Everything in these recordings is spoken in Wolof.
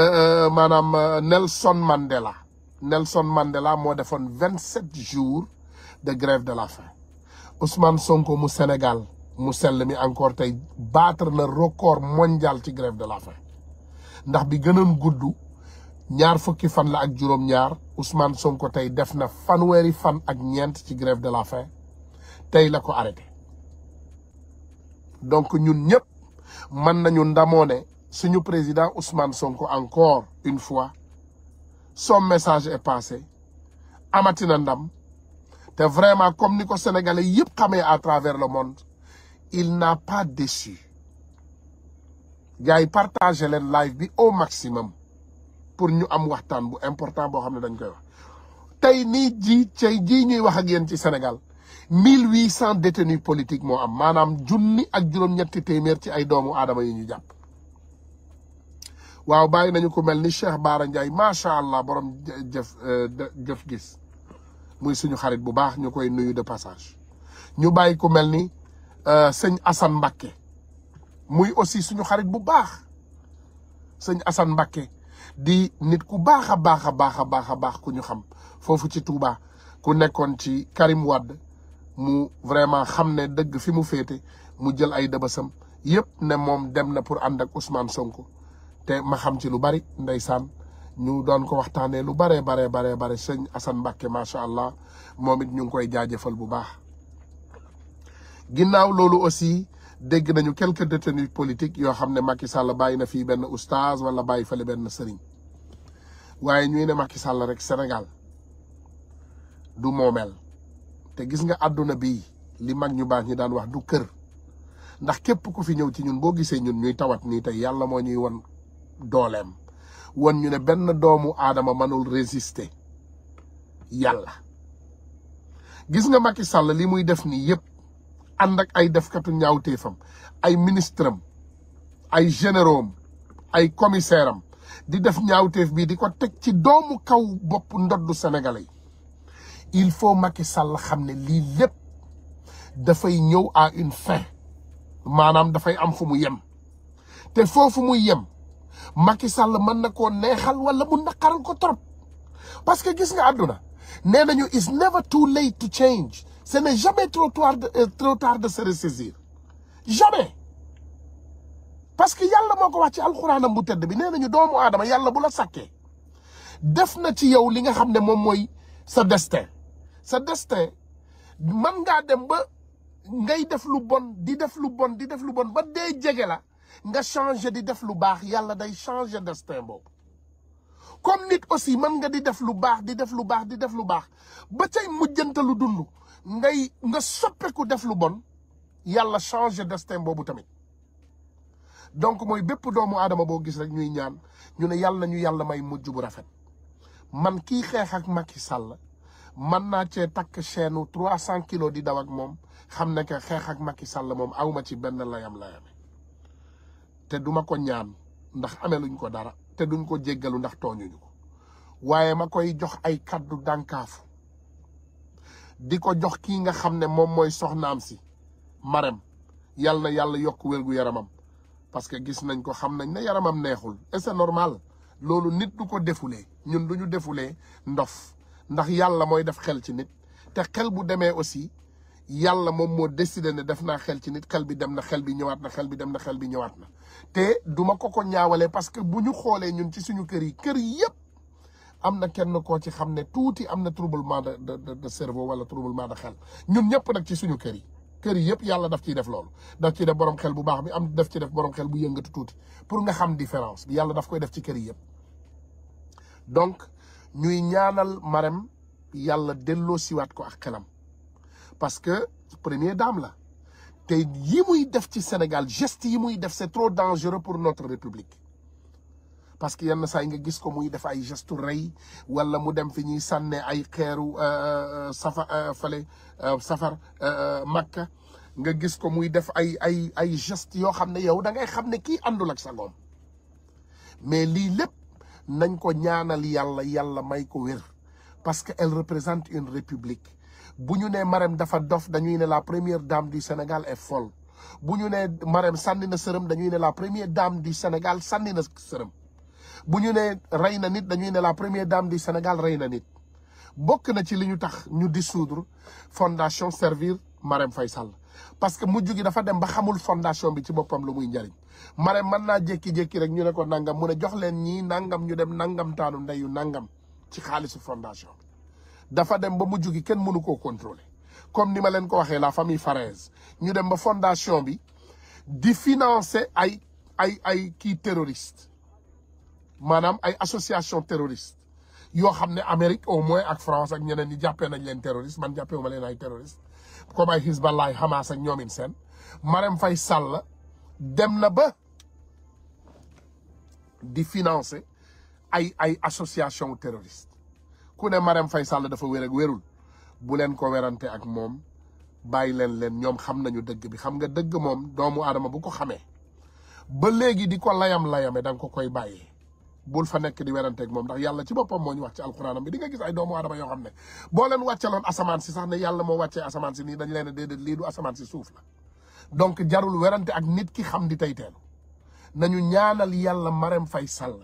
Euh, euh, maanaam euh, Nelson Mandela Nelson Mandela moo defoon vingt sept jours de grève de la faim Ousmane Sonko mu Sénégal mu sell mi encore tey battre na record mondial ci grève de la faim ndax bi gënoon gudd ñaar fukki fan la ak juróom-ñaar Ousmane Sonko tey def na fanweeri fan ak ñeent ci grève de la faim tey la ko arrêté donc ñun ñëpp mën nañu ndamoo suñu président Ousmane Sonko encore une fois son message est passé amati na ndam vraiment comme ni sénégalais il xamee à travers le monde il n'a pas déçu Il yi partagé le live au maximum pour ñu am waxtaan bu important boo xam ne dañ koy wax tey ni ji tey wax ak ci Sénégal 1800 détenus politiques moo am maanaam junni ak juróom-ñetti téeméer ci ay doomu yi ñu waaw bàyyi nañu ko mel ni Cheikh Baara Ndiaye macha allah borom jëf euh, jëf gis muy suñu xarit bu baax ñu koy nuyu de passage ñu bàyyi ku mel ni euh, sëñ Assane Mbakke muy aussi suñu xarit bu baax sëñ Assane Mbakke di nit ku baax a baax a baax a baax a baax ku ñu xam foofu ci Touba ku nekkoon ci Karim wad mu vraiment xam ne dëgg fi mu féete mu jël ay dëbësam yëpp ne moom dem na pour ànd ak Ousmane Sonko té ma xam ci lu bari ndeysaan ñu doon ko waxtané lu bare bare bare bare assan mbacké ma sha allah momit ñu ngi koy jaajëfal bu baax ginnaw lolu aussi dégg nañu quelques détenus politiques yo xamné Macky Sall bàyyi na fii oustaz wala fa le ben sëriñ waye ñuy ne Macky Sall rek Sénégal du momel, té gis nga aduna bi li mag ñu baax ñi daan wax du kër ndax képp ku fi ñew ci ñun bo gisé ñun ñuy tawat ni tay yalla mo ñuy won dooleem wan ñu ne benn doomu aadama mënul résisté yàlla gis nga Macky Sall li muy def nii yëpp ànd ak ay defkatu ñaawteefam ay ministre am ay généraux am ay commissaire am di def ñaawteef bii di ko teg ci doomu kaw bopp ndoddu sénégalais yi il faut Macky Sall xam ne lii lépp dafay ñëw à une fin maanaam dafay am fu mu yem te foofu muy yem Macky Sall mën na koo neexal wala mu naqaral ko trop parce que gis nga àdduna nee nañu is never too late to change ce n'est jamais trop tard de euh, trop tard de jamais parce que yàlla moo ko wax ci alxuraanam bu tedd bi nee nañu doomu aadama yàlla bu la sàkkee def na ci yow li nga xam ne moom mooy sa destin sa destin man ngaa dem ba ngay def lu bon di def lu bon di def lu bon ba dee jege la nga changer di def lu bax yalla day changer destin bob comme nit aussi man nga di def lu bax di def lu bax di def lu bax ba cay mujjantalu dundu ngay nga soppeeku def lu bon yalla changer destin bobu tamit donc moy bépp doomu adama bo gis rek ñuy ñaan ñu ne yàlla ñu yalla may mujju bu rafet man ki xex ak Macky Sall man na ci tak chaîne 300 kilos di daw ak mom xam ke xex ak Macky Sall mom awma ci ben layam layam te duma ko ñaan ndax ameluñ ko dara te duñ ko jéggalu ndax tooñuñu ko waaye ma koy jox ay kàddu dànkaafu di ko jox kii nga xam ne moom mooy soxnaam si marem yàlla na yàlla yokk gu yaramam parce que gis nañ ko xam nañ ne yaramam neexul et c'est normal loolu nit du ko defulee ñun du ñu defulee ndof ndax yàlla mooy def xel ci nit te xel bu demee aussi yàlla moom moo décidé ne def naa xel ci nit xel bi dem na xel bi ñëwaat na xel bi dem na xel bi ñëwaat na te duma ko ko ñaawale parce que bu ñu xoolee ñun ci suñu kër yi kër yëpp am na kenn koo ci xam ne tuuti am na troublement de de de cerveau wala troublement de xel ñun ñëpp nag ci suñu kër yi kër yi yëpp daf ciy def loolu daf ciy def boroom xel bu baax bi am daf ci def boroom xel bu yëngatu tuuti pour nga xam différence bi yàlla daf koy def ci kër yi yëpp donc ñuy ñaanal Marème yàlla delloo siwaat ko ak xelam parce que première daam la te yi muy def ci Sénégal geste yi muy def c'est trop dangereux pour notre république parce que yenn saa nga gis ko muy def ay geste rey wala mu dem fi ñuy sànne ay xeeru euh, euh, safa euh, falé safar Makka nga gis ko muy def ay ay ay geste yo xamné ne yow da ngay xamné ne kii ak sa mais li lépp nañ ko ñaanal Yalla Yalla may ko wér parce que elle représente une république bu ñu nee Marème dafa dof dañuy ne la première dame du Sénégal est fol bu ñu nee Marème sànni na sërëm dañuy ne la première dame du Sénégal sànni na sërëm bu ñu nee rey na nit dañuy ne la première dame du Sénégal rey na nit bokk na ci li ñu tax ñu dissoudre fondation servir Marème fay Sall parce que mu jugi dafa dem ba xamul fondation bi ci boppam lu muy njariñ Marème man naa jékki-jékki rek ñu ne ko nangam mu ne jox leen ñii nangam ñu dem nangam taanu nangam ci xaalisu fondation dafa dem ba mu gi kenn mënu koo contrôler comme ni ma leen ko waxee la famille Farès ñu dem ba fondation bi di financer ay ay ay kii terroriste maanaam ay association terroriste yoo xam ne Amérique au moins ak France ak ñeneen ñi jàppee nañ leen terroriste man jàppee wu ma leen ay terroriste comme ay Hezbollah ay Hamas ak ñoomin seen Marème Faye Sall dem na ba di financer ay ay association terroriste ku ne Marème fay Sall dafa wér wérul bu leen ko werante ak moom bàyyi leen leen ñoom xam nañu dëgg bi xam nga dëgg moom doomu aadama bu ko xamee ba léegi di ko layam-layame da nga ko koy bàyyi bul fa nekk di werante ak moom ndax yàlla ci boppam moo ñu wax ci alxuraanam bi di nga gis ay doomu aadama yoo xam ne boo leen wàcceloon asamaan si sax ne yàlla moo wàccee asamaan si nii dañ leen a déedéet lii du asamaan si suuf la donc jarul werante ak nit ki xam di tey teelu nañu ñaanal yàlla Marème Faye Sall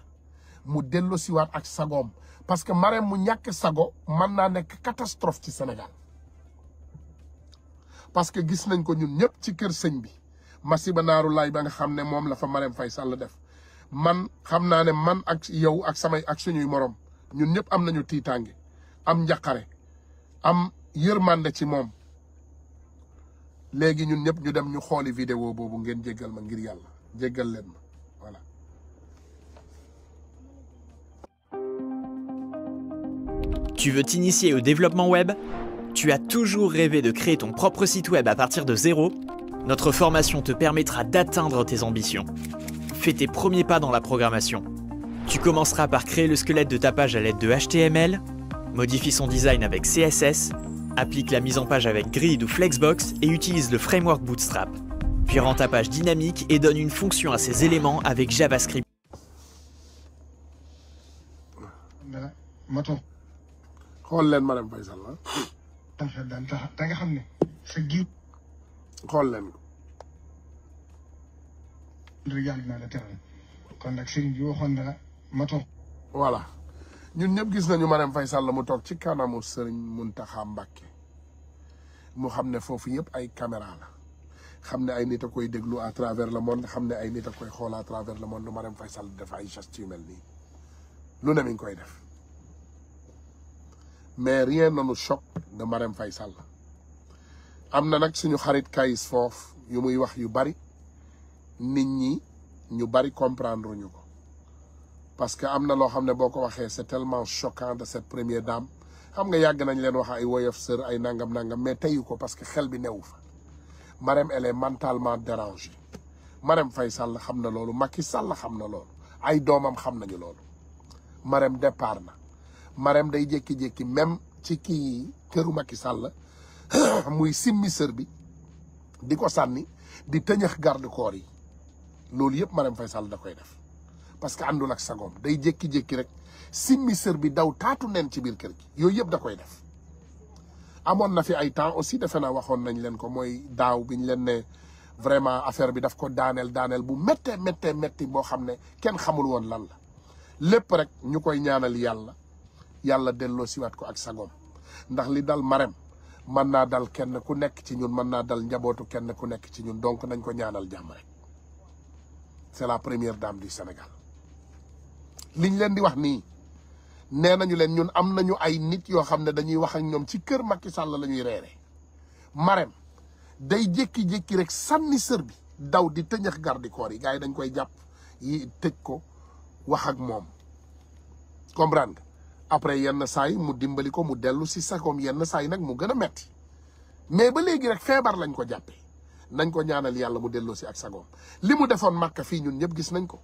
mu dellu siwaat ak sagoom parce que Marème mu ñàkk sago man naa nekk catastrophe ci Sénégal parce que gis nañ ko ñun ñëpp ci kër sëñ bi masiba naaru laay ba nga xam ne moom la fa Marème Faye Sall def man xam naa ne man ak yow ak samay ak suñuy moroom ñun ñëpp am nañu tiitaange am njaqare am yërmande ci moom léegi ñun ñëpp ñu dem ñu xooli vidéo boobu ngeen jéggal ma ngir yàlla jéggal leen ma Tu veux t'initier au développement web Tu as toujours rêvé de créer ton propre site web à partir de zéro Notre formation te permettra d'atteindre tes ambitions. Fais tes premiers pas dans la programmation. Tu commenceras par créer le squelette de ta page à l'aide de HTML, modifie son design avec CSS, applique la mise en page avec Grid ou Flexbox et utilise le framework Bootstrap. Puis rends ta page dynamique et donne une fonction à ses éléments avec JavaScript. xool leen Marème Faye Sall ah. daan tax da nga xam ne sa giir. xool leen ko. yàlla naa la teral kon nag sëriñ bi waxoon na la ma toog. voilà ñun ñëpp gis nañu Marème Faye Sall mu toog ci kanamu sëriñ Mountakha Mbacké mu xam ne foofu yëpp ay caméra la xam ne ay nit a koy déglu à travers le monde xam ne ay nit a koy xool à travers le monde Marème Faye Sall def ay gestes yu mel nii lu ne mi ngi koy def. mais rien ne nous choque de Marème Faye Sall am na nag suñu xarit kayis foofu yu muy wax yu bari nit ñi ñu bari comprendre ñu ko parce que am na loo xam ne boo ko waxee c'est tellement choquant de cette première dame xam nga yàgg nañ leen wax ay woyof sër ay nangam nangam mais teyu ko parce que xel bi new fa Marème elle est mentalement dérangée Marème Sall xam na loolu Macky Sall xam na loolu ay doomam xam nañu loolu Marème départ na Marème day jékki-jékki même ci kii këru Macky Sall muy simmi sër bi di ko sànni di tëñax garde corps yi loolu yëpp Marème fay Sall da koy def parce que àndul ak sagoom day jékki-jékki rek simmi sër bi daw taatu nen ci biir kër gi yooyu yëpp da koy def amoon na fi ay temps aussi defe na waxoon nañ leen ko mooy daaw bi leen ne vraiment affaire bi daf ko daaneel daaneel bu méttee méttee métti boo xam ne kenn xamul woon lan la lépp rek ñu koy ñaanal yàlla yàlla delloo wat ko ak sagom ndax li dal marem man na dal kenn ku nek ci ñun man na dal njabotu kenn ku nek ci ñun donc nañ ko ñaanal jamm rek c'est la première dame du Sénégal liñ leen di wax ni, nenañu leen ñun am nañu ay nit yo xamne dañuy wax ak ñom ci kër Macky Sall lañuy réré marem day jekki jekki rek sanni sœur bi daw di teñex garde corps yi gaay dañ koy japp yi tejj ko wax ak mom comprendre après yenn saa yi mu dimbali ko mu dellu si sakoom yenn saa yi nag mu gën a metti mais ba léegi rek feebar lañ ko jàppee nañ ko ñaanal yàlla mu delloo si ak sagoom li mu defoon màkka fii ñun ñëpp gis nañ ko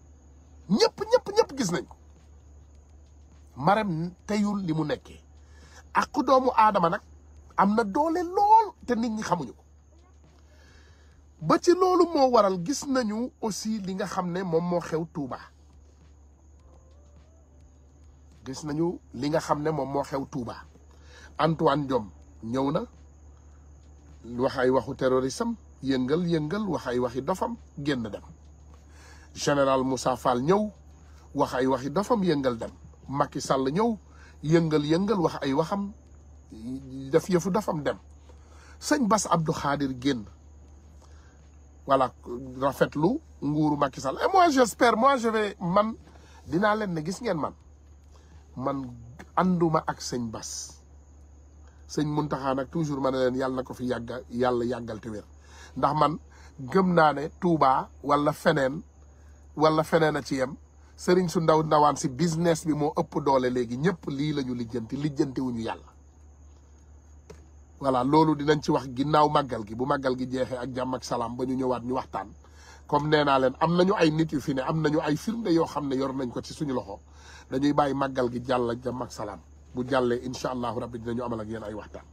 ñëpp ñëpp gis nañ ko Marème teyul li mu nekkee ak doomu aadama nag am na doole lool te nit ñi xamuñu ko ba ci loolu moo waral gis nañu aussi li nga xam ne moom moo xew tuubaa gis nañu li nga xamne mom mo xew Touba Antoine diom ñewna na wax ay waxu terrorisme yëngal yëngal wax ay waxi dofam genn dem general Moussa Fall ñew wax ay waxi dofam yëngal dem Macky Sall ñew yëngal yëngal wax ay waxam def yëfu dofam dem seigne Bass Abdou Khadir genn wala rafetlu nguru Macky Sall et moi j'espère moi je vais man dina len ne gis ngeen man man anduma ak seigne Bas seigne muntaha nak toujours ma ne yalla yàlla ko fi yagga yalla yagal te wer ndax man gëm ne Touba wala fenen wala ci yam serigne su ndaw ndawan si business bi upu upp doole nyepuli ñepp li lañu lijeenti lijeenti wuñu yalla wala lolu dinañ ci wax ginnaw magal gi bu magal gi jexé ak salam ak salam bañu ñëwaat ñu waxtaan comme nena len leen am nañu ay nit yu fi ne am nañu ay firnde yo xamne yor nañ ko ci suñu loxo dañuy bàyyi màggal gi jàll ak jàmm ak salaam bu jàllee incha allahu rabbi dinañu amal ak yéen ay waxtaan.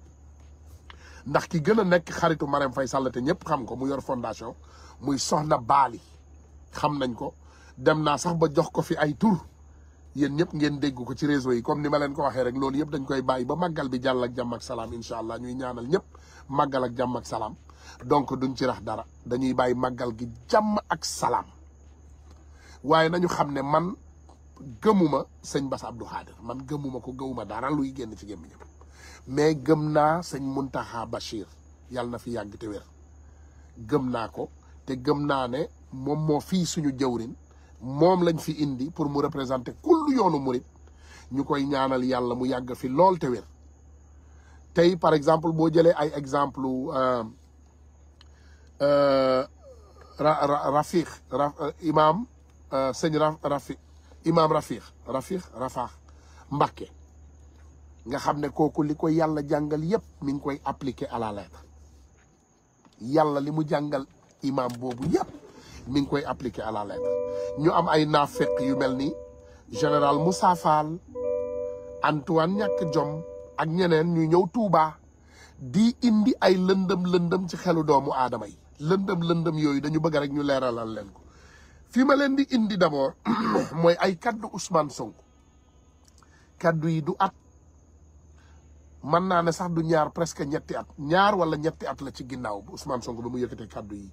ndax ki gën a nekk xaritu Marème fay Sall te ñëpp xam ko mu yor fondation muy Soxna Baali xam nañ ko dem naa sax ba jox ko fi ay tur yéen ñëpp ngeen dégg ko ci réseau yi comme ni ma leen ko waxee rek loolu yëpp dañ koy bàyyi ba màggal bi jàll ak jàmm ak salaam incha allah ñuy ñaanal ñëpp màggal ak jàmm ak salaam donc duñ ci rax dara dañuy bàyyi màggal gi jàmm ak salaam waaye xam ne man. gëmuma sëñ Bass Abdou Khadir man gëmuma ko gëmuma dara luy génn ci gémmiñam mais gëm naa sëñ Muntaxa Bachir yàlla na fi yàgg te wér gëm naa ko te gëm naa ne moom moo fii suñu jëwrin moom lañ fi indi pour mu représenter kullu yoonu murit ñu koy ñaanal yàlla mu yàgg fi lool te wér tey par exemple boo jëlee ay exemple euh, euh, rafiq euh, imaam sëñ rafiq imam rafiq rafiq rafah mbàkke nga xamne ne liko Yalla jangal yep mi ngi koy appliquer ala lettre yalla limu jangal imam Bobu yep mi ngi koy appliquer Nyu lettre ñu am ay nafiq yu melni ni Moussa Fall Antoine ñak jom ak ñeneen ñu ñew Touba di indi ay lendem lendem ci xelu doomu adamay lendem lendem yoyu dañu bëgg rek ñu leralal leen ko fi ma len di indi d'abord moy ay kaddu Ousmane Sonko kaddu yi du at man na ne sax du ñaar presque ñetti at ñaar wala ñetti at la ci ginnaw bu Ousmane Sonko ba mu yëkkatee kaddu yi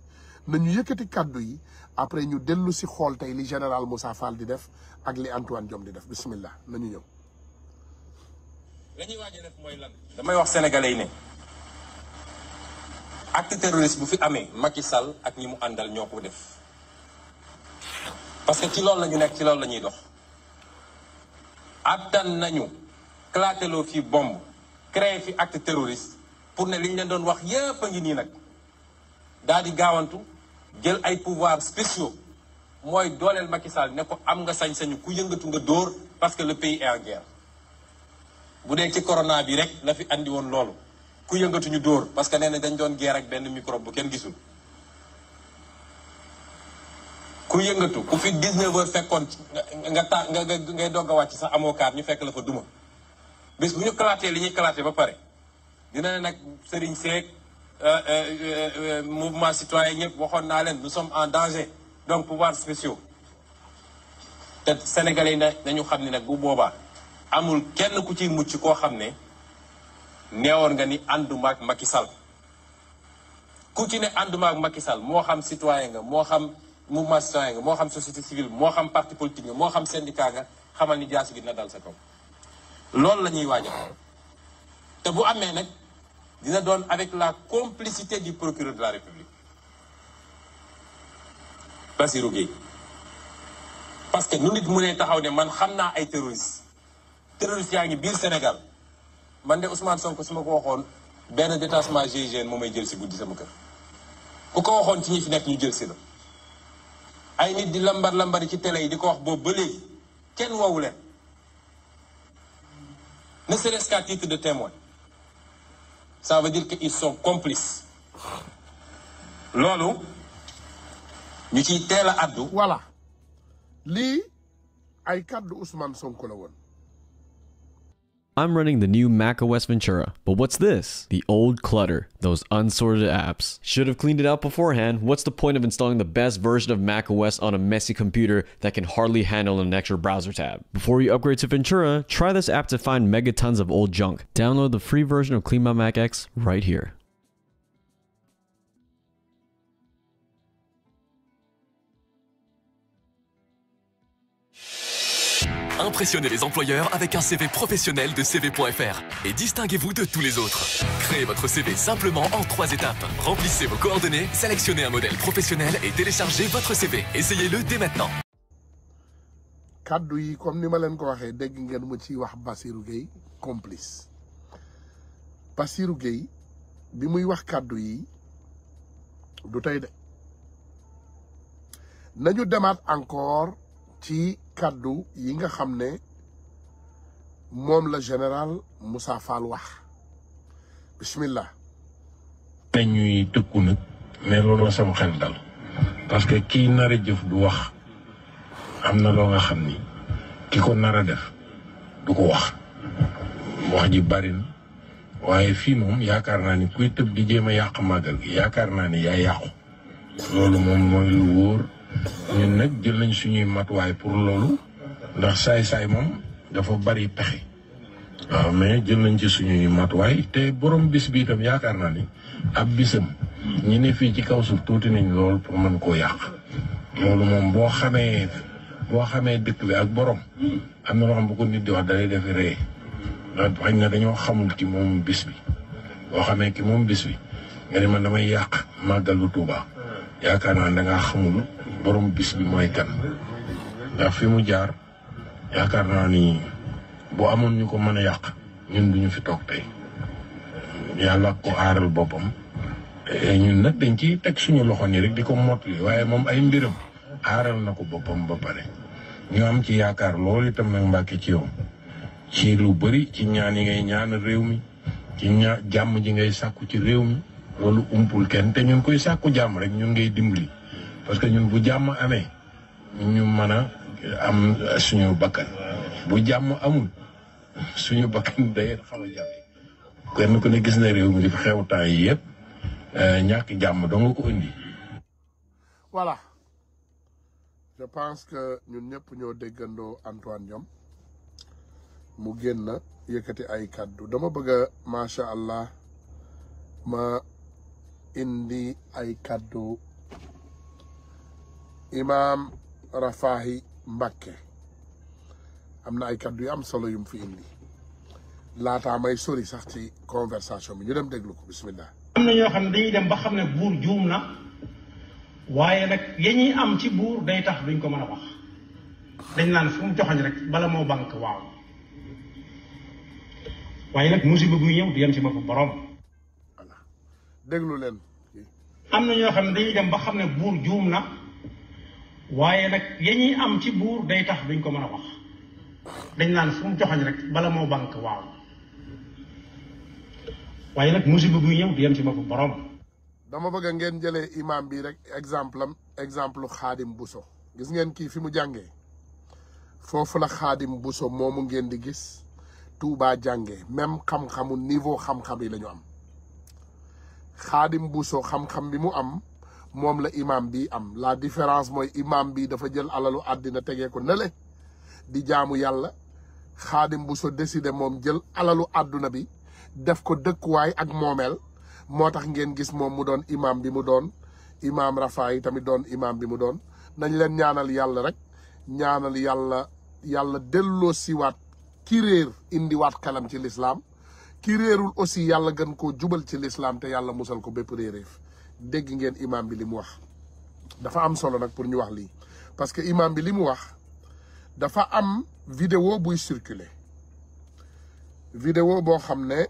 na ñu yëkkati kaddu yi après ñu dellu ci xol tay li général Moussa Fall di def ak li Antoine diom di def bismillah na ñu ñëw. lañuy waji def moy lan. damay wax sénégalais yi ne acte terroriste bu fi amé Macky Sall ak ñi mu andal ñoo def parce que ci lool lañu nek ci lool lañuy dox attan nañu claquer lo fi bombe créer fi acte terroriste pour ne liñ leen doon wax yépp ngi ni nak daal di gaawantu jël ay pouvoir spéciaux moy dolel Macky Sall ne ko am nga sañ-sañu ku yëngatu nga dóor parce que le pays est en guerre budé ci corona bi rek la fi andi won lool ku yëngatu ñu dóor parce que néna dañ doon guerre ak ben microbe ken gisul ku yëngatu ku fi 19 heures fekkoon nga taa nga ngay doog a wàcc sax amoo kaar ñu fekk la fa duma bis bu ñu kalaatee li ñuy kalaatee ba pare dina ne nag sëriñ Seck euh, euh, euh, mouvement citoyen ñëpp waxoon naa leen nous sommes en danger donc pouvoir spéciaux te sénégalais yi nañu xam ne nag bu boobaa amul kenn ku ci mucc koo xam ne neewoon nga ni ànduma ak Macky Sall ku ci ne ànduma ak moo xam citoyen nga moo xam mouvement citoyen nga mo xam société civile mo xam parti politique mo xam syndicat nga xamal ni jaasi gi na dal sa kaw lool la ñuy te bu amé nak dina don avec la complicité du procureur de la république Bassirou Gueye parce que nu nit mu nee taxaw né man xamna ay terroriste terroriste ya ngi bir Sénégal man dé Ousmane Sonko suma ko waxone ben détachement GIGN moo may jël si goudi sama kër ko ko waxone ci ñi fi nek ñu jël si la ay nit di lambar lambari ci télé yi di ko wax boobu ba léegi kenn woowu leen ne serait-ce qu'à titre de témoin ça veut dire que ils sont complices loolu ñu ciy teel a addu voilà lii ay kàddu Ousmane sonk la woon I'm running the new macOS Ventura, but what's this? The old clutter, those unsorted apps. Should have cleaned it out beforehand. What's the point of installing the best version of macOS on a messy computer that can hardly handle an extra browser tab? Before you upgrade to Ventura, try this app to find megatons of old junk. Download the free version of Clean My Mac X right here. Impressionnez les employeurs avec un CV professionnel de CV.fr et distinguez-vous de tous les autres. Créez votre CV simplement en trois étapes. Remplissez vos coordonnées, sélectionnez un modèle professionnel et téléchargez votre CV. Essayez-le dès maintenant. comme ci kàddu yi nga xam ne moom la général musa Fall wax bismillah te ñuy tëkku nag mais loolu la sama xel dal parce que kii nar jëf du wax am na loo nga xam ni ki ko nar def du ko wax wax ji bari na waaye fii moom yaakaar naa ni kuy tëb di jéem a yàq màggal gi yaakaar naa ni yaa yàqu loolu moom mooy lu wóor ñu nag jël nañ suñuy matuwaay pour loolu ndax saay-saay moom dafa bari pexe waaw mais jël nañ ci suñuy matuwaay te borom bis bi itam yaakaar naa ni ab bisam ñi ne fii ci kaw su tuuti nañ lool pour mën koo yàq loolu moom boo xamee boo xamee dëkk bi ak borom am na loo xam bu ko nit di wax dalay def ree ndax xañ na dañoo xamul ci moom bis bi boo xamee ki moom bis bi nga ni man damay yàq màggalu Tuubaa yaakaar naa ne danga ngaa xamul borom bis bi mooy kan ndax fi mu jaar yaakaar naa ni bu amoon ñu ko mën a yàq ñun du ñu fi toog tey yàlla ko aaral boppam. Eh, ñun nag dañ ci teg suñu loxo nii rek di ko mottali waaye moom ay mbiram aaral na ko boppam ba pare ñu am ci yaakaar loolu itam nag Mbàkke ci yow ci lu bari ci ñaan yi ngay ñaan réew mi ci ñaa jàmm ji ngay sàkku ci réew mi. wala umpul kenn te ñun koy sàkku jàmm rek ñun ngay dimbali parce que ñun bu jàmm amee ñu mën a am suñu bakkan bu jàmm amul suñu bakkan day xaw a jafe kenn ku ne gis na réew mi di xew temps yi yëpp euh, ñàkk jàmm doo nga ko indi voilà je pense que ñun ñëpp ñoo déggandoo Antoine Diome mu génn yëkkati ay kàddu dama bëgg a macha allah indi ay kàddu imaam Rafaahi Mbàkke am na ay kàddu yu am solo yum fi indi laataa may sori sax ci conversation bi ñu dem déglu ko bismillah am na ñoo xam ne dañuy dem ba xam ne buur juum na waaye nag ya am ci buur day tax duñ ko mën a wax dañ naan fu mu rek bala moo bank waaw waaye nag musiba buy ñëw du yem ci bopp borom. voilà déglu leen am na ñoo xam ne dañuy dem ba xam ne buur juum na waaye nag ya ñuy am ci buur day tax duñ ko mën a wax dañ naan fu mu rek bala moo bank waaw waaye nag musiba buy ñëw di yem ma bopp borom. dama bëgg ngeen jëlee imam bi rek exemple am exemple xaadim Bousso gis ngeen kii fi mu jàngee foofu la xaadim Bousso moomu ngeen di gis Touba jàngee même xam-xamu niveau xam-xam yi la am. xaadim buusoo xam-xam bi mu am moom la imam bi am la différence mooy imaam bi dafa jël alalu àddina tegee ko nele di jaamu yàlla xaadim buusoo décidé moom jël alalu àdduna bi def ko dëkkuwaay ak moomeel moo tax ngeen gis moom mu doon imaam bi mu doon imam Rafa yi tamit doon imam bi mu doon nañu leen ñaanal yàlla rek ñaanal yàlla yàlla delloo siwaat ki réer indiwaat xelam ci lislaam ki rerul aussi yalla gën ko djubal ci l'islam te yalla musal ko bepp réeréef dégg ngeen imam bi limu wax dafa am solo nak pour ñu wax li parce que imam bi limu wax dafa am vidéo buy circuler vidéo bo hamne,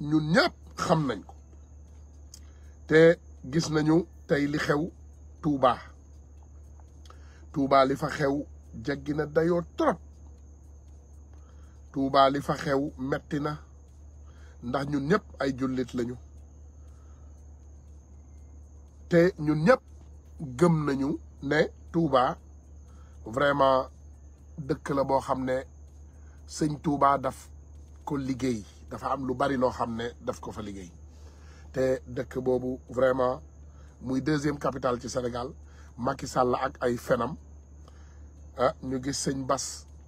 nyunyap ñun ñëpp xam nañ ko te gis nañu tay li xew Touba Touba li fa xew jagina dayo trop Touba li fa xew metti na ndax ñun ñëpp ay jullit lañu te ñun ñëpp gëm nañu ne Touba vraiment dëkk la boo xam ne sëñ Touba daf ko liggéey dafa am lu bari loo xam ne daf ko fa liggéey te dëkk boobu vraiment muy deuxième capitale ci Sénégal Macky Sall ak ay fenam ah ñu gis sëñ Bas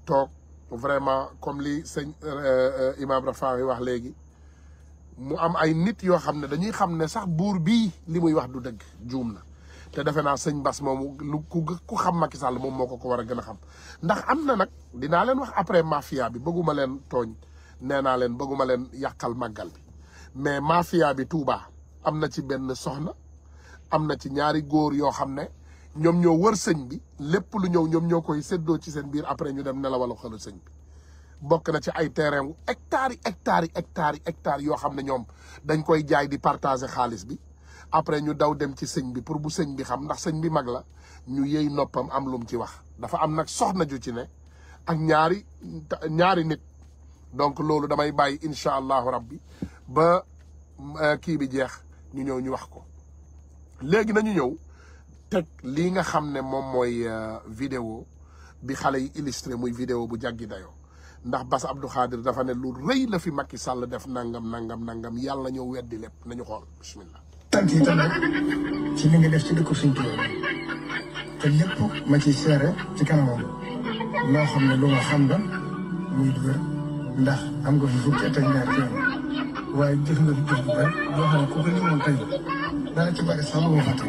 toog vraiment comme li sëñ euh, euh, Imam Rafahi wax léegi mu am ay nit yoo xam ne dañuy xam ne sax buur bii li muy wax du dëgg juum na te defe naa sëñ Bass moomu lu ku xam Macky Sall moom moo ko ko war a gën a xam ndax am na nag dinaa leen wax après mafia bi bëgguma leen tooñ nee naa leen bëgguma leen yàqal màggal bi mais mafia bi Touba am na ci benn soxna am na ci ñaari góor yoo xam ne ñoom ñoo wër sëñ bi lépp lu ñëw ñoom ñoo koy séddoo ci seen biir après ñu dem nelawalu xelu sëñ bi bokk na ci ay terrain wu hectares hectares hectares hectares yoo xam ne ñoom dañ koy jaay di partager xaalis bi après ñu daw dem ci sëñ bi pour bu sëñ bi xam ndax sëñ bi mag la ñu yëy noppam am lum ci wax dafa am nag soxna ju ci ne ak ñaari ñaari nit donc loolu damay bàyyi incha allahu rabbi ba euh, kii bi jeex ñu ñëw ñu wax ko léegi nañu ñëw teg lii nga xam ne moom mooy euh, vidéo bi xale yi illustré muy vidéo bu jàggi dayoo ndax Bass Abdou Khadir dafa ne lu rëy la fi Macky Sall def nangam nangam nangam yàlla ñëw weddi lépp nañu xool bismillah sant yi tam ci li nga def ci dëkk suñ tubaab te lépp ma ci seere ci kanamam loo xam ne lu ma xam la muy wér ndax am nga fi fukki at ak ñaar ci yoon waaye jëf nga fi jëf bu bari loo xam ne ku ko ñëwoon tey dana ci bari sax lu ma fàtte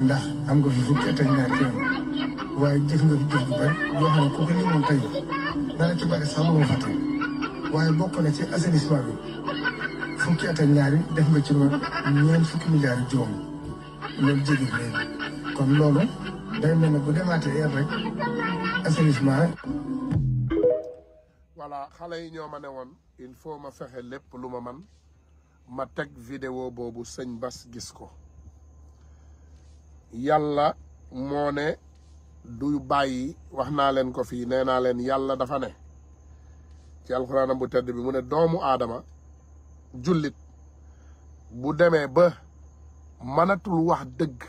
ndax am nga fi fukki at ñaar ci yoon waaye jëf nga fi jëf bu bari yoo xam ne ku ko limoon tey dana ci bari sax moo fàtte waaye bokk na ci assainissement bi fukki at ak ñaar def nga ci loolu ñeent fukki milliards yi juróom loolu jéggi bi kon loolu day mel bu demaatee yar rek assainissement. voilà xale yi ñoo ma ne woon il faut ma fexe lépp lu ma man ma teg vidéo boobu sëñ Bas gis ko. yàlla moo ne du bàyyi wax naa leen ko fii nee naa leen yàlla dafa ne ci alxuraanam bu tedd bi mu ne doomu aadama jullit bu demee ba mënatul wax dëgg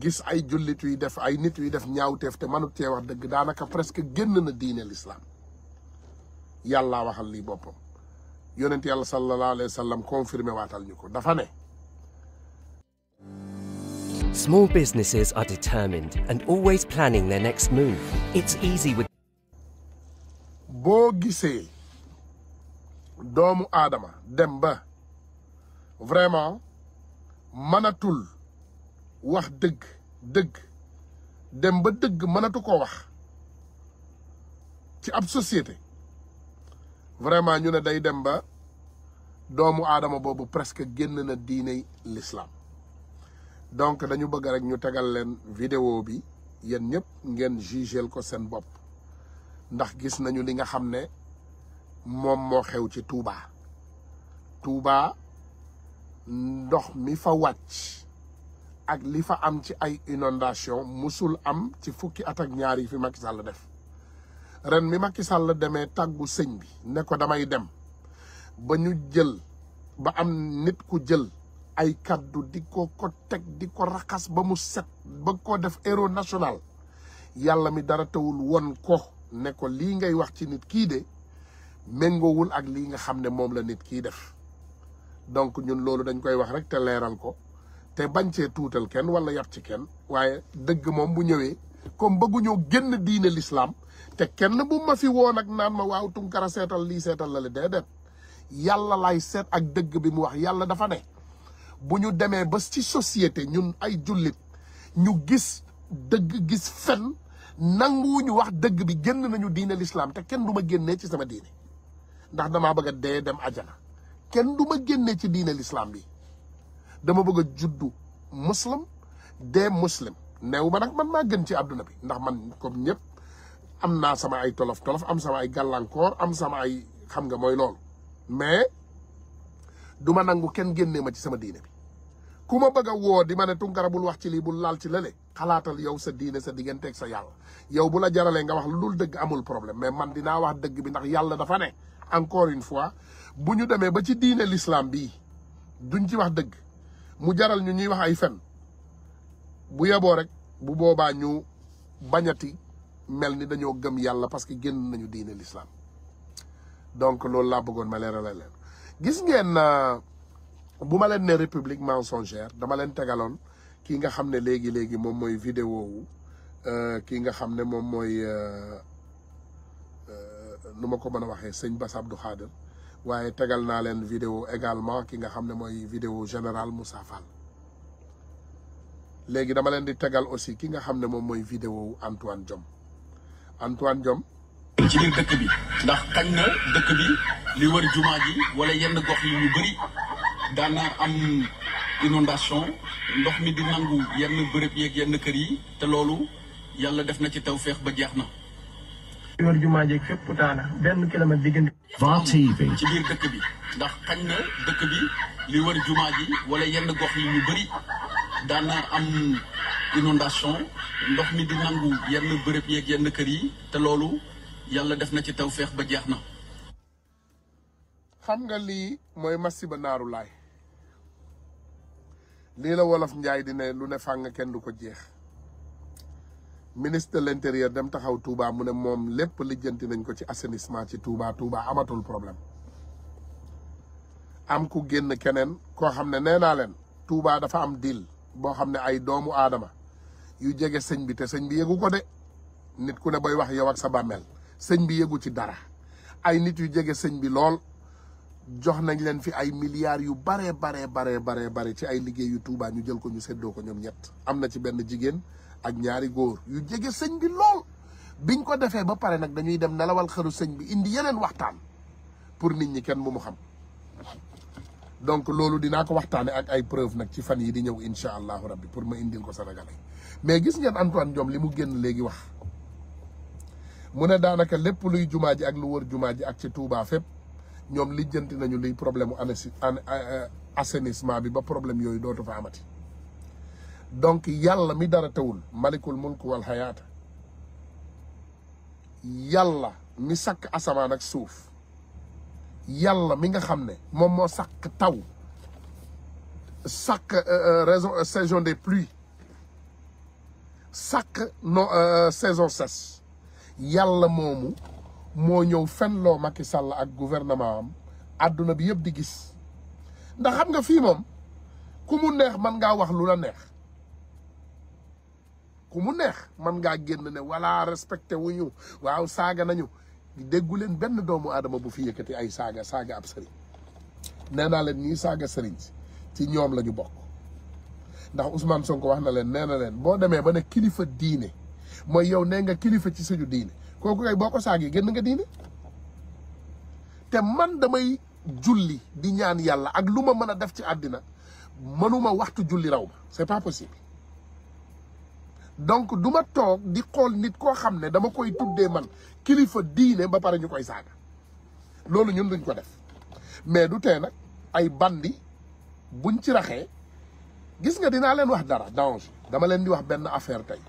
gis ay jullit yuy def ay nit yuy def ñaawteef te mënut cee wax dëgg daanaka presque génn na diine lislaam yàllaa waxal lii boppam yonent yàlla sallallahu alayhi wa sallam confirmé waatal ñu ko dafa ne Small businesses are determined and always planning their next move. It's easy with... boo gisee doomu aadama dem vraiment manatul wax dëgg dëgg dem ba dëgg mënatu ko wax ci ab société vraiment ñu ne day dem ba doomu bobo boobu presque génn na diiney l'islam donc dañu bëgg rek ñu tegal leen vidéo bi yéen ñëpp ngeen jugeel ko seen bopp ndax gis nañu li nga xam ne moom moo xew ci Touba Touba ndox mi fa wàcc ak li fa am ci ay inondation musul am ci fukki at ak ñaar yi fi Macky Sall def ren mi Macky Sall demee tàggu sëñ bi ne ko damay dem ba ñu jël ba am nit ku jël ay kaddu diko ko tek diko rakas ba mu set ba ko def héros national Yalla mi dara tawul won ko ne ko li ngay wax ci nit ki de méngoowul ak li nga xamne mom la nit ki def donc ñun lolu dañ koy wax rek te leral ko te bañ cee tuutal ken. wala yab ci ken waye deug mom bu ñëwee comme ñu genn diiné l'islam te kenn bu ma fi won ak naan ma waaw Tunkara sétal Yalla sétal la le déedéet yalla lay ak deug bi mu wax yalla dafa ne bu ñu demee ba ci société ñun ay jullit ñu gis dëgg gis fen nanguwuñu wax dëgg bi génn nañu diine lislaam te kenn du ma génnee ci sama diine ndax damaa bëgg a dee dem ajana kenn du ma génnee ci diine lislaam bi dama bëgg a juddu muslim dee muslim neew ma nag man maa gën ci àdduna bi ndax man comme ñëpp am naa sama ay tolof tolof am sama ay gàllankoor am sama ay xam nga mooy loolu duma nangou ken genné ma ci sama diiné bi kuma bëgg wo di mané ne Tounkara wax ci li bu laal ci lélé xalaatal yow sa diiné sa ak sa yalla yow bu la jaralé nga wax lu dëgg amul problème mais man dina wax dëgg bi ndax yalla dafa né encore une fois bu ñu ba ci diine l'islam bi. duñ ci wax dëgg mu jaral ñu ñuy wax ay fenn bu yeboo rek bu boba ñu bañati mel ni gëm yalla parce que nañu diiné l'islam donc lool la bëggoon ma léralé gis ngeen euh, bu ma leen ne république mensongère dama leen tegaloon kii nga xam ne léegi léegi moom mooy vidéo wu euh, kii nga xam ne moom mooy euh, nu ma ko mën a waxee sëñ Bass Abdou waaye tegal naa leen vidéo également ki nga xam ne mooy vidéo général Moussa Fall léegi dama leen di tegal aussi ki nga xam ne moom mooy vidéo Antoine jom Antoine Diome ci biir dëkk bi ndax kañ na dëkk bi li wër jumaa ji wala yenn gox yi bari bëri daana am inondation ndox mi di nangu yenn bërëb yeeg yenn kër yi te loolu yàlla def na ci taw feex ba jeex na. li wër jumaa ji fépp daana benn kilomètre diggante. VAR ci biir dëkk bi ndax kañ na dëkk bi li wër jumaa ji wala yenn gox yi ñu bëri daana am inondation ndox mi di nangu yenn bërëb yeeg yenn kër yi te loolu. yàlla def na ci tawféex ba jeex na. xam nga lii mooy masiba naaru laay lii la wolof njaay di ne lu ne fàng kenn du ko jeex ministre de l'intérieur dem taxaw Touba mu ne moom lépp lijjanti nañ ko ci assainissement ci Touba Touba amatul problème am ku génn keneen koo xam ne nee naa leen Touba dafa am dil boo xam ne ay doomu aadama yu jege sëñ bi te sëñ bi yëgu ko de nit ku ne booy wax yow ak sa bàmmeel señ bi yegu ci dara ay nit yu jégué señ bi lol jox nañ leen fi ay milliards yu bare bare bare bare bare ci ay liggéey yu Touba ñu jël ko ñu séddo ko ñom ñett am na ci benn jigen ak ñaari goor yu jégué señ bi lol biñ ko défé ba paré nak dañuy dem nalawal xëru señ bi indi yeneen waxtaan pour nit ñi kenn mu mu xam donc lolou dina ko waxtane ak ay preuve nak ci fan yi di ñew inshallah rabbi pour ma indil ko sénégalais mais gis ngeen Antoine Diome limu genn légui wax mu ne daanaka lépp luy jumaa ji ak lu wër jumaa ji ak ci Touba fépp ñoom lijjanti nañu liy problème mu assainissement bi ba problème yooyu dootu fa amati donc yàlla mi dara tawul malikul mulk wal xayaata yàlla mi sakk asamaan ak suuf yàlla mi nga xam ne moom moo sakk taw sakk euh, euh, raison euh, saison des pluies sakk non saison sèche yàlla moomu moo ñëw fenloo Macky sàll ak gouvernement am àdduna bi yëpp di gis ndax xam nga fii moom ku mu neex man ngaa wax lu la neex ku mu neex mën ngaa génn ne wala respecté wuñu waaw saaga nañu déggu leen benn doomu aadama bu fi yëkkati ay saaga saaga ab sëriñ nee naa leen ñii saaga sëriñ ci ñoom la ñu bokk ndax Ousmane Sonko wax na leen nee na leen boo demee ba ne kilifa diine mooy yow nee nga kilifa ci suñu diine kooku kay boo ko saagee génn nga diine te man damay julli di ñaan yàlla ak lu ma mën a def ci àddina mënuma waxtu julli raw ma c'est pas possible donc du ma toog di xool nit koo xam ne dama koy tuddee man kilifa diine ba pare ñu koy saaga loolu ñun duñ ko def mais du tee nag ay bandi buñ ci raxee gis nga dinaa leen wax dara danger dama leen di wax benn affaire tey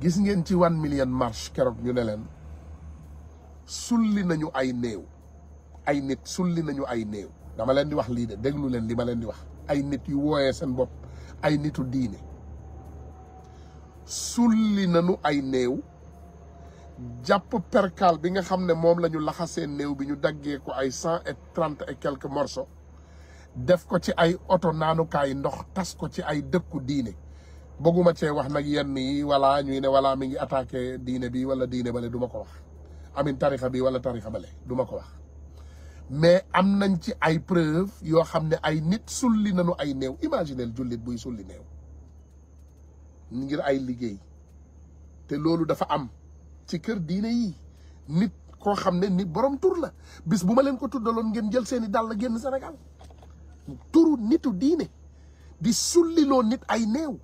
gis ngeen ci one million marche keroog ñu ne leen sulli nañu ay néew ay nit sulli nañu ay néew dama leen di wax lii de déglu leen li ma leen di wax ay nit yu wooyee seen bopp ay nitu diine sulli nañu ay néew jàpp perkaal bi nga xam ne moom lañu ñu laxasee néew bi ñu daggee ko ay cent trente et quelques def ko ci ay oto naanukaay ndox tas ko ci ay dëkku diine bëgguma cee wax nag yenn yi wala ñuy ne wala mi ngi attaqué diine bi wala diine bale du ma ko wax amin tarixa bi wala tarixa bale du ko wax mais am nañ ci ay preuve yoo xam ay nit sulli nañu ay néew imaginel jullit buy sulli néew ngir ay liggéey te loolu dafa am ci kër diine yi nit koo xam ne nit borom tur la bis bu ma leen ko tuddaloon ngeen jël seeni dàll génn Sénégal turu nitu diine di sulliloo nit ay néew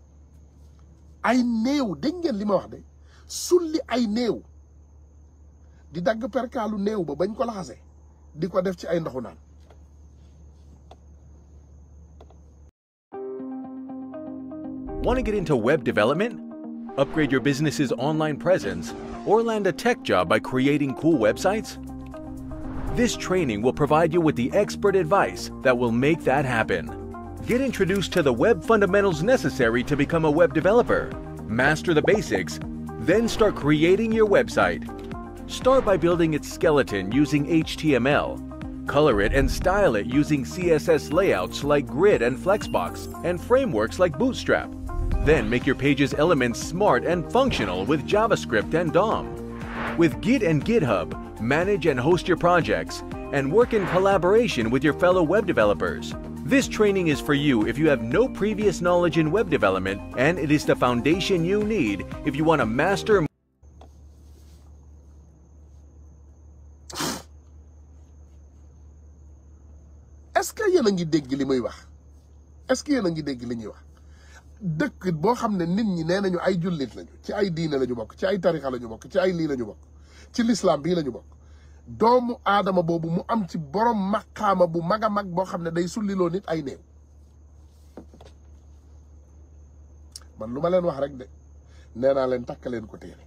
ay ngeen wax de sulli ay di ba bañ ko def ci ay ndoxu Want to get into web development? Upgrade your business's online presence or land a tech job by creating cool websites? This training will provide you with the expert advice that will make that happen. Get introduced to the web fundamentals necessary to become a web developer. Master the basics, then start creating your website. Start by building its skeleton using HTML. Color it and style it using CSS layouts like Grid and Flexbox and frameworks like Bootstrap. Then make your page's elements smart and functional with JavaScript and DOM. With Git and GitHub, manage and host your projects, and work in collaboration with your fellow web developers. This training is for you if you have no previous knowledge in web development, and it is the foundation you need if you want to master est-ce que yéen dégg li muy wax est-ce que yéen dégg li ñuy wax dëkk nit ñi ay jullit lañu ci ay diine lañu ci ay lañu ci ay lañu ci lañu doomu aadama boobu mu am ci borom maqaama bu mag a mag boo xam ne day sulliloo nit ay néew man lu ma leen wax rek de nee naa leen takk leen ko téere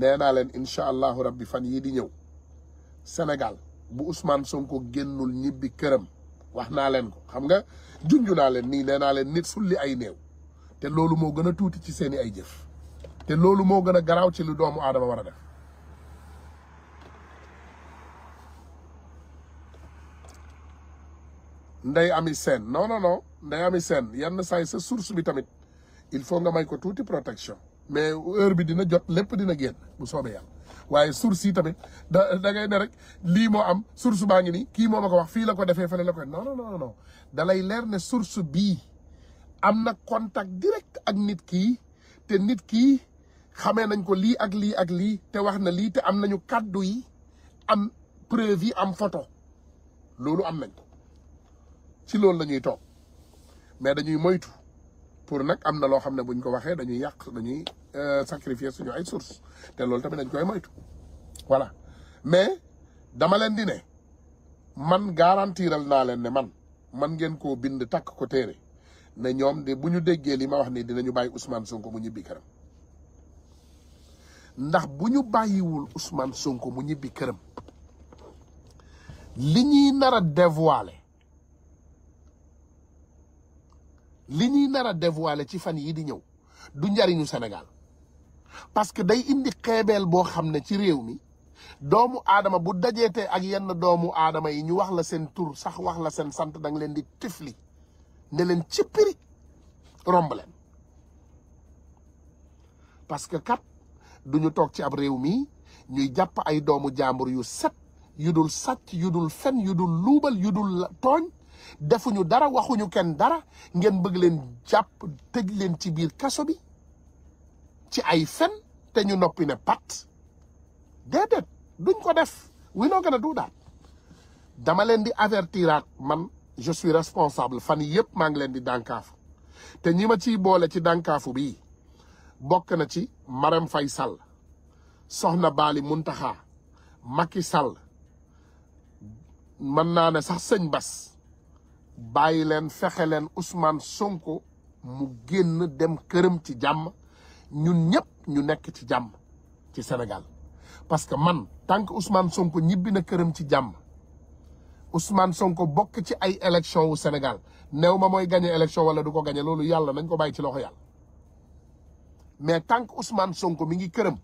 nee naa leen incha allahu rabbi fan yii di ñëw Sénégal bu Ousmane Sonko génnul ñibbi këram wax naa leen ko xam nga junju naa leen nii nee naa leen nit sulli ay néew te loolu moo gën a tuuti ci seeni ay jëf te loolu moo gën a garaaw ci lu doomu aadama war a def ndey am Sène seen non non Ndeye Amy Sène yenn saa yi sa source bi tamit il faut nga may ko tuuti protection mais heure bi dina jot lépp dina génn bu soobee yàlla waaye source yi tamit da da ne rek lii moo am source baa ngi nii kii moo ma ko wax fii la ko defee fële la ko non non non non da lay leer ne source bii am na contact direct ak nit kii te nit kii xamee nañ ko lii ak lii ak lii te wax na lii te am nañu kàddu yi am preuve yi am photo loolu am nañ ci loolu la ñuy toog mais dañuy moytu pour nag am na loo xam ne buñ ko waxee dañuy yàq dañuy euh, sacrifier suñu ay source te loolu tamit dañ koy moytu voilà mais dama leen di ne man garantiral naa leen ne man man ngeen ko bind takk ko téere ne ñoom de bu ñu déggee li ma wax nii dinañu bàyyi Ousmane sunko mu ñibbi këram ndax bu ñu bàyyiwul Ousmane Sonko mu ñibbi këram li ñuy nar a dévoiler li ñuy nar a dévoiler ci fan yi di ñëw du njariñu senegal parce que day indi xeebeel boo xam ne ci réew mi doomu aadama bu dajeetee ak yenn doomu aadama yi ñu wax la seen tur sax wax la seen sant danga leen di tifli ne leen ci piri romb leen parce que kat duñu toog ci ab réew mi ñuy jàpp ay doomu jàmbur yu set yu dul sàcc yu dul fen yu dul luubal yu dul tooñ defuñu dara waxuñu kenn dara ngeen bëgg leen jàpp tëj leen ci biir kaso bi ci ay fen te ñu noppi ne pat déedéet duñ ko def we no gën du daat dama leen di avertiraat man je suis responsable fan yii yëpp maa ngi leen di dànkaafu te ñi ma ciy boole ci dànkaafu bii bokk na ci Marème Faye Sall Soxna Baali Muntaxa Macky Sall mën naa ne sax sëñ Bas bàyyi leen fexe leen Ousmane Sonko mu génn dem këram ci jàmm ñun ñëpp ñu nekk ci jàmm ci Sénégal parce que man tant que Ousmane Sonko ñibbi na këram ci jàmm Ousmane Sonko bokk ci ay élection wu Sénégal néew ma mooy gagné élection wala du ko gagné loolu yàlla nañ ko bàyyi ci loxo yàlla mais tant que Ousmane Sonko mi ngi këram.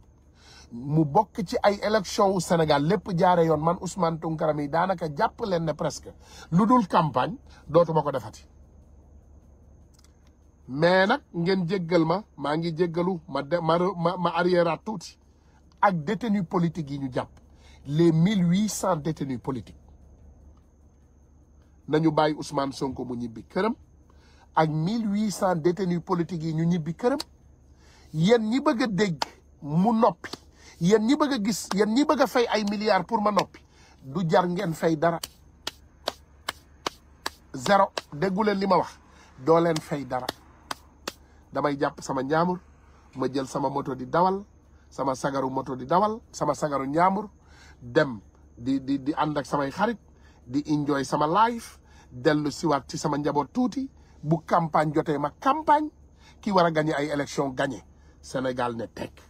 mu bokk ci ay élection wu Sénégal lépp jaare yoon man Ousmane Tounkara yi daanaka jàpp leen na presque lu dul campagne dootuma ko defati mais nag ngeen jéggal ma maa ngi jéggalu ma ma ma arrière tuuti ak détenus politiques yi ñu jàpp les mille huit cent détenus politiques nañu bàyyi Ousmane Sonko mu ñibbi këram ak mille huit cent détenus politiques yi ñu ñibbi këram yéen ñi bëgg a dégg mu noppi yéen ñi bëgg a gis yéen ñi bëgg a ay milliards pour ma noppi du jar ngeen fay dara zéro déggu leen li ma wax doo leen fay dara damay jàpp sama ñaamur ma jël sama moto di dawal sama sagaru moto di dawal sama sagaru ñaamur dem di di di ànd ak samay xarit di enjoy sama life dellu siwaat ci sama njaboot tuuti bu campagne jotee ma campagne ki war a gagné ay élection gagné Sénégal ne tekk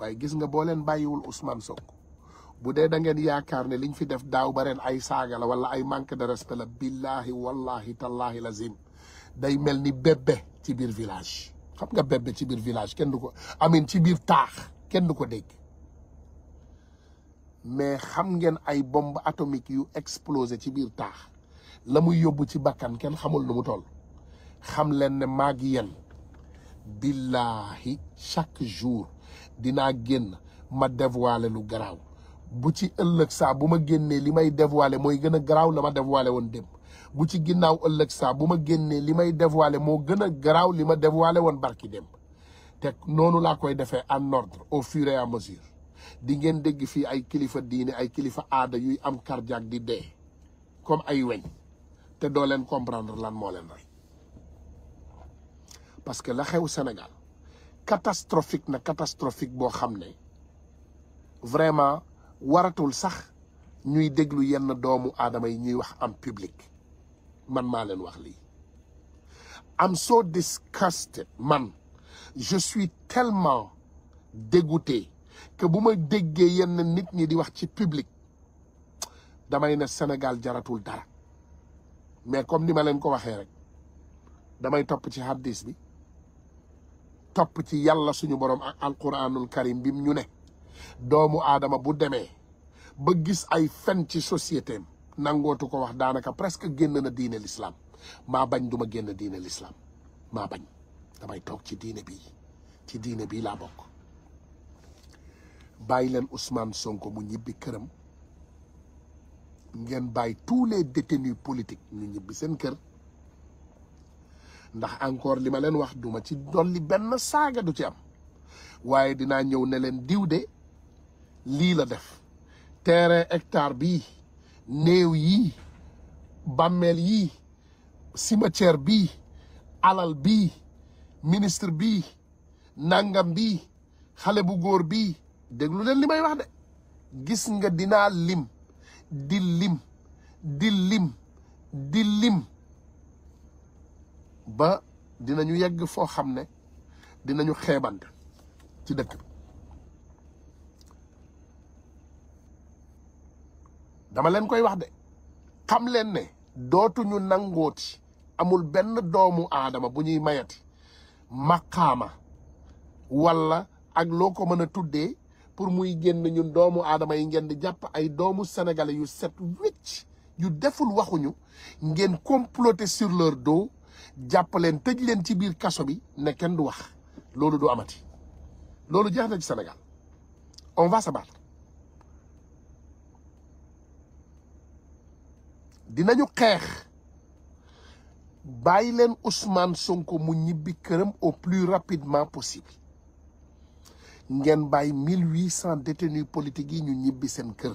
waaye gis nga boo leen bàyyiwul Ousmane Sonko bu dee da ngeen yaakaar ne liñ fi def daaw ba ren ay saaga la wala ay manque de respect la billahi wallahi tallahi lazim day mel ni bébé ci biir village xam nga bébé ci biir village kenn du ko amin ci biir taax kenn du ko dégg mais xam ngeen ay bomb atomique yu explosé ci biir taax la muy yóbbu ci bakkan kenn xamul nu mu toll xam leen ne maag yéen billahi chaque jour dinaa génn ma dévoiler lu garaaw bu ci ëllëg saa bu ma génnee li may dévoiler mooy gën a garaaw la ma dévoiler woon démb bu ci ginnaaw ëllëg saa bu ma génnee li may dévoiler moo gën a garaaw li ma dévoiler woon barki démb te noonu laa koy defee en ordre au fur et à mesure di ngeen dégg fii ay kilifa diine ay kilifa aada yuy am cardiaque di dee comme ay weñ te doo leen comprendre lan moo leen rey parce que la xew Sénégal catastrophique na catastrophique bo xamné ne vraiment waratul sax ñuy déglu yenn doomu adamay ñuy wax am public man ma leen wax li i'm so disgusted man je suis tellement dégoûté que buma déggé yenn nit ñi di wax ci public damay ne Sénégal jaratul dara mais comme ni ma leen ko waxé rek damay top ci hadith bi topp ci yàlla suñu borom ak alquranul karim bim ñu ne doomu aadama bu demee ba gis ay fen ci société nangootu ko wax daanaka presque génn na diine l'islam maa bañ duma génn diine l'islam maa bañ damay toog ci diine bii ci diine bii laa bokk bàyyi leen Ousmane Sonko mu ñibbi këram ngeen bàyyi tous les détenus politiques ñu ñibbi seen kër ndax encore li ma leen wax duma ci dolli benn saaga du ci am waaye dinaa ñëw ne leen diw de lii la def terrain hectare bii néew yii bàmmeel yii cimetière bii alal bii ministre bii nangam bii xale bu góor bii déglu leen li may wax de gis nga dinaa lim di lim di lim di lim ba dinañu yegg foo xam ne dinañu xeebante ci dëkk bi dama leen koy wax de xam leen ne dootuñu nangooti amul benn doomu aadama bu ñuy mayati maqaama walla ak loo ko mën a tuddee pour muy génn ñun doomu aadama yi ngeen di jàpp ay doomu sénégalais yu set wicc yu deful waxuñu ngeen comploter sur leur jàpp leen len ci bir kasso bi ne ken du wax lolu du amati lolu jeex ci senegal on va se battre dinañu xex bayilen Ousmane Sonko mu ñibbi kërëm au plus rapidement possible ngeen bay 1800 détenus politiques yi ñu ñibbi sen kër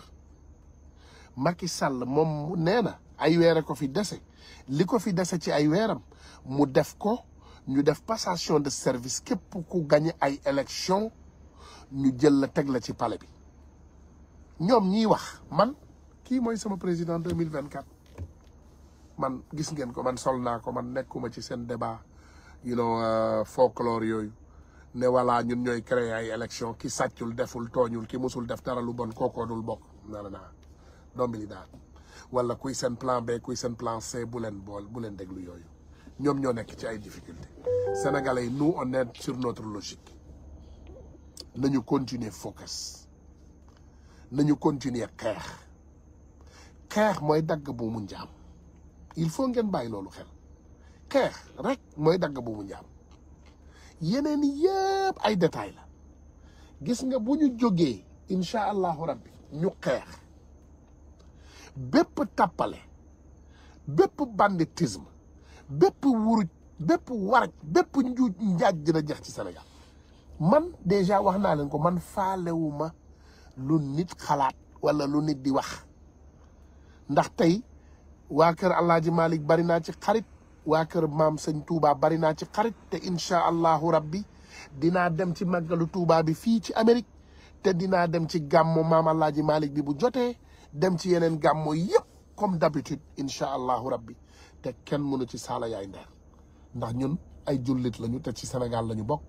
Macky Sall mom nee ay wéré ko fi déssé liko fi déssé ci ay wéram mu def ko ñu def passation de service képp ku gagné ay élection ñu jël la palais bi ñom ñi wax man ki moy sama président 2024 man gis ngeen ko man solna, ko man nekkuma ci débat you know euh, folklore yoyu ne voilà ñun ñoy créer ay élection ki deful toñul ki musul def dara bon na na dombi wala kuy plan B kuy plan C bu len bol bu len nous ñoo sénégalais nous on est sur notre logique continuons continuer focus Nous continuons à faire. Faire, il faut ngeen nous rek il faut bu mu y yeneen détails gis nga nous ñu inshaAllah, incha nous ñu banditisme bépp wuruj bépp waraj bépp njuuj njaaj dina jeex ci Sénégal man déjà wax naa leen ko man faalewuma lu nit xalaat wala lu nit di wax ndax tey waa kër Alaaji Malick bari naa ci xarit waa kër maam sëñ Touba bari naa ci xarit te incha allahu rabbi dinaa dem ci màggalu Touba bi fii ci Amérique te dinaa dem ci gàmmu maam Alaaji Malick bi bu jotee dem ci yeneen gàmmu yëpp comme d'habitude incha allahu rabbi te kenn mënu ci saala yaay ndeer ndax ñun ay jullit lañu te ci Sénégal lañu bokk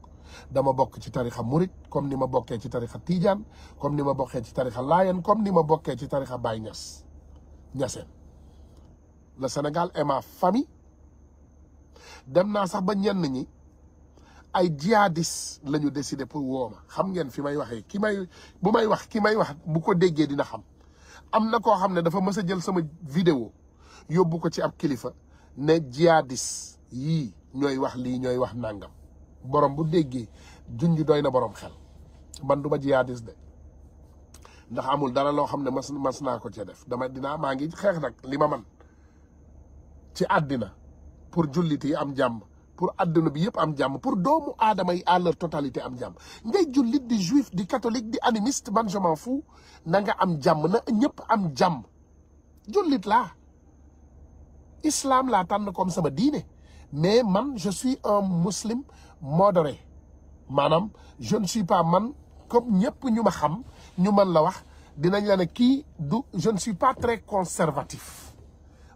dama bokk ci tarixa murit comme ni ma bokkee ci tarixa tiijaan comme ni ma bokkee ci tarixa laayen comme ni ma bokkee ci tarixa Baay Ñas ñaseen le Sénégal est ma famille dem naa sax ba ñenn ñi ay jihadis la ñu décidé pour wooma xam ngeen fi may waxee ki may bu may wax ki may wax bu ko déggee dina xam am na koo xam ne dafa mës a jël sama vidéo yóbbu ko ci ab kilifa ne jihadis yii ñooy wax lii ñooy wax nàngam borom bu déggee junj doy na borom xel man du ma jihadis de ndax amul dara loo xam ne mas mas naa ko cee def dama dinaa maa ngi xeex nag li ma man ci addina pour jullit yi am jàmm pour àdduna bi yëpp am jàmm pour doomu aadama yi à leur totalité am jàmm ngay jullit di juif di catholique di animiste man je m'en fous am jàmm na ñëpp am jàmm jullit la islam laa tànn comme sama diine mais man je suis un musulman modéré Manam, je ne suis pas man comme ñëpp ñu ma xam ñu man la wax dinañ du je ne suis pas très conservatif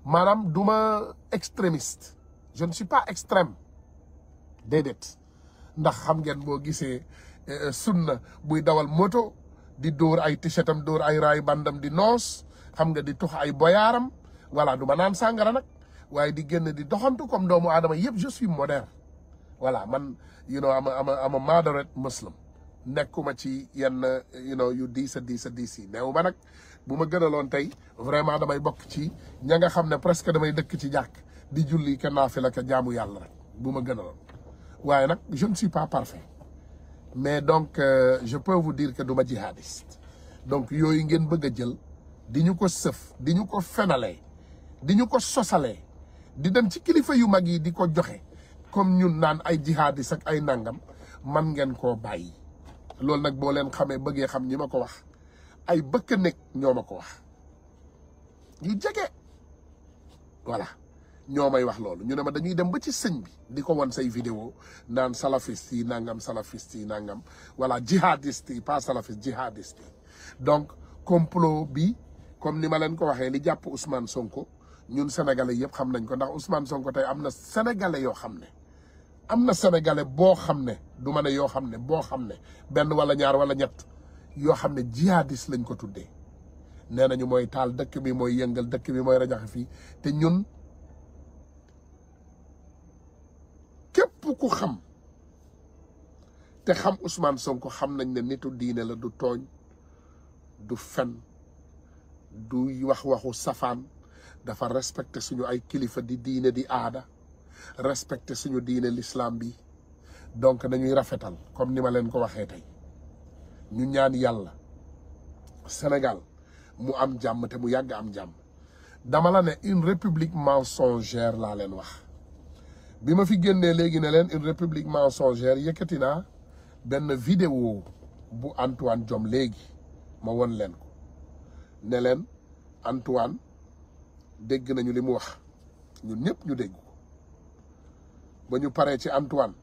Manam, duma extrémiste je ne suis pas extrême déedéet ndax xam ngeen euh, sunna dawal moto di dóor ay t-shirtam dóor ay ray bandam di nos xam nga di tux ay boyaram voilà du ma sangara waaye di génn di doxantu comme doomu aadama yëpp je suis moderne voilà man you know am am am a moderate muslim nekkuma ci yenn you know yu diis a diis a diis yi neew ma nag bu ma gënaloon tey vraiment damay bokk ci ña nga xam ne presque damay dëkk ci jàkk di julli ka naafila ka jaamu yàlla rek bu ma gënaloon waaye nag je ne suis pas parfait mais donc euh, je peux vous dire que du ma jihadiste donc yooyu ngeen bëgg a jël di ñu ko sëf di ñu ko fenale di ñu ko sosalee di dem ci kilifa yu mag yi di ko joxe comme ñun naan ay jihadis ak ay nangam man ngeen koo bàyyi loolu nag boo leen xamee bëggee xam ñi ma ko wax ay bëkk nekk ñoo ma ko wax yu jege voilà ñoo may wax loolu ñu ne ma dañuy dem ba ci sëñ bi di ko wan say vidéo naan salafiste yi nangam salafiste yi nangam voilà jihadiste yi pas salafiste jihadiste yi donc complot bi comme ni ma leen ko waxee li jàpp Ousmane Sonko ñun sénégalais yëpp xam nañ ko ndax Ousmane Sonko tey am na senegale yoo xam ne am na sénégalais boo xam ne du ma ne yoo xam ne boo xam ne benn wala ñaar wala ñett yoo xam ne jihadis lañ ko tuddee nee nañu mooy taal dëkk bi mooy yëngal dëkk bi mooy rajaxe fii te ñun képp ku xam te xam Ousmane Sonko xam nañ ne nitu diine la du tooñ du fen du wax waxu safaan dafa respecté suñu ay kilifa di diine di aada respecté suñu diine l'islam bi donc dañuy rafetal comme ni ma leen ko waxee tey ñu ñaan yàlla Sénégal mu am jàmm te mu yàgg am jàmm dama la ne une république mensongère laa leen wax bi ma fi génnee léegi ne leen une république mensongère yëkkati naa benn vidéo bu Antoine jom léegi ma won leen ko ne leen Antoine dégg nañu limu wax ñun ñëpp ñu déggu ba ñu paree ci Antoine